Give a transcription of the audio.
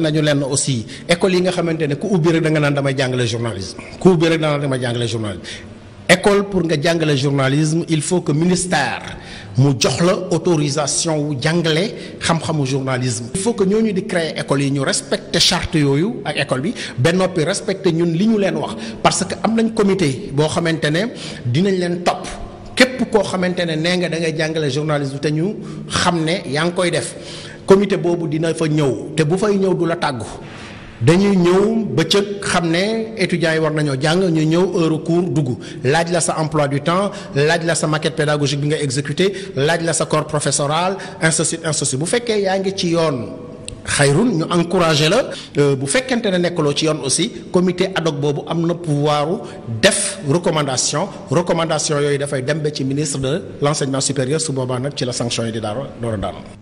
nañu lenn aussi école yi nga xamante ne ku ubbi rek da nga naan damay jàngale journalisme ku ubbi rek da nga naan damay jàngale journalisme école pour nga jàngale journalisme il faut que ministère mu jox la autorisation wu jàngale xam-xamu journalisme. il faut que ñooñu di créer école yi ñu respecter charte yooyu ak école bi ba noppi respecter ñun li ñu leen wax parce que am nañ comité boo xamante ne dinañ leen topp. képp koo xamante ne nee nga da ngay jàngale journalisme te ñu xam ne yaa ngi koy def comité boobu dina fa ñëw te bu fay ñëw du la tàggu dañuy ñëw bëccëg xam ne étudiants yi war nañoo jàng ñu ñëw heure cours dugg laaj la sa emploi du temps laaj la sa maquette pédagogique bi nga exécuté laaj la sa corps professoral ainsi ainsi bu fekkee yaa ngi ci yoon. xayrun ñu encouragé la euh, bu fekkente ne nekkaloo ci yoon aussi comité ad boobu am na pouvoiru def recommandation recommandation yooyu dafay dem ba ci ministre de l' enseignement su boobaa nag ci la sanction di daal daal